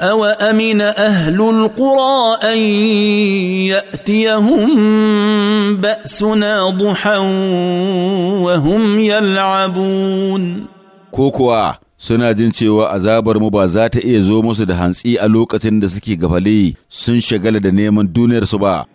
أوأمن أهل القرى أن يأتيهم بأسنا ضحى وهم يلعبون كوكوا suna jin cewa azabar mu ba za ta iya zo musu da hantsi a lokacin da suke gafale sun shagala da neman duniyarsu ba